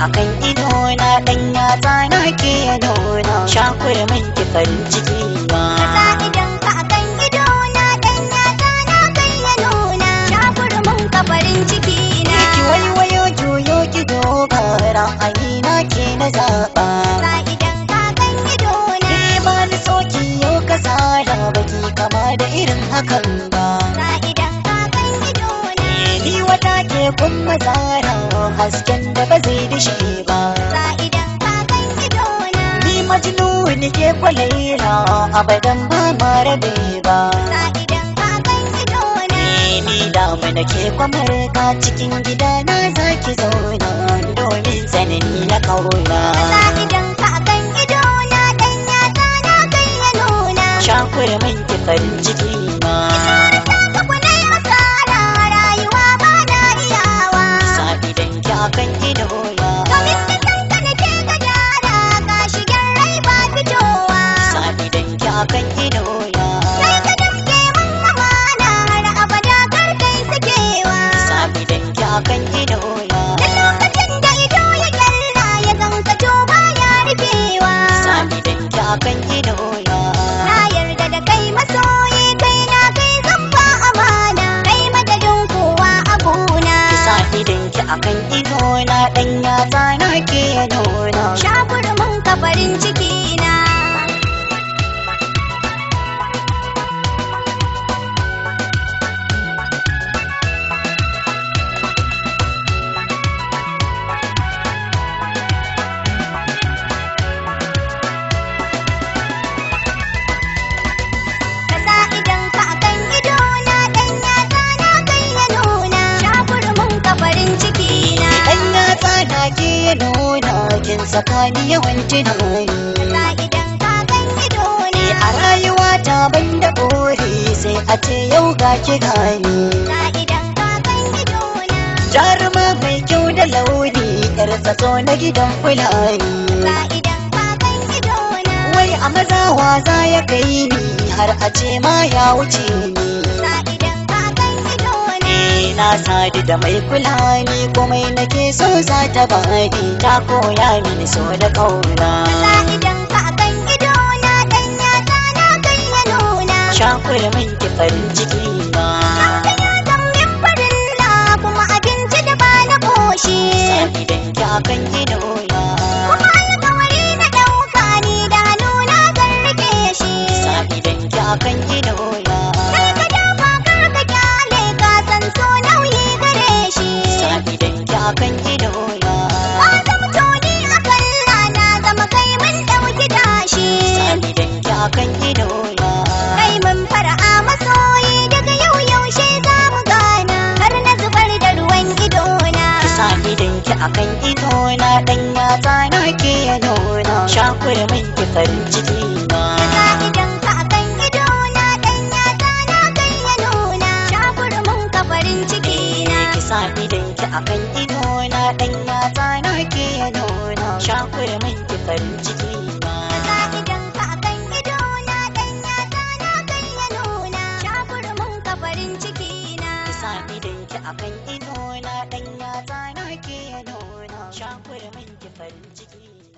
akan ido na dan yatsa ke ya dauna shakure min kifan ciki na kasa idan ka akan ido na dan yatsa kai ya nuna shakure min kafarin ciki na ki waiwayo juyo ki dogara ani na ke na zaɓa. kasa idan ka akan ido na ba ni soki yo ka tsara baki kama da irin hakan ba kasa idan ka akan ido na ni wata ke kun mazara hasken zai dishe ba idan ka kan ido na ni ne ke kwalaila abadan ba mara ba ba idan ka kan ido na ni da ke kwamar ka cikin gida na zaki zauna domin sanani na kauna idan ka kan ido na dan yatsa na kai ya nuna shakur min ki farin ciki akan ido na dan yatsa na ke nuna shakur mun ka farin ciki tsakani yawanci da hori idan a rayuwa ta ban da kore sai a ce yau ga ki gani jaruma mai kyau da launi yar tsatso na gidan fulani idan wai a maza waza ya kai ni har a ce ma ya wuce ni na sadu da mai kula ni komai nake so za ta bani ta koya mini so da kauna idan ka kan ido na dan yata na kai ya nuna farin ciki kuma abinci da ba na koshi idan ki akan ido na kuma alkawari na ɗauka ni da hannu na garrike shi idan ki akan ido kan ji da oya. Ka zama tuni a kan lana zama mun dauki tashi. Sani dangi a kan Kai mun fara'a masoyi daga yau yaushe za mu gana. Har na zubar da ruwan idona. Sani dangi akan kan ɗan yatsa na ke ya nuna. Shakuri mun ki farin ciki na. dan yatsa na nuna shakwai mai ki farin ciki na ka idan akan idona. na dan yatsa na kan ya nuna shakwai ka farin ciki na ki sa akan ido na dan yatsa na ke nuna shakwai mai farin ciki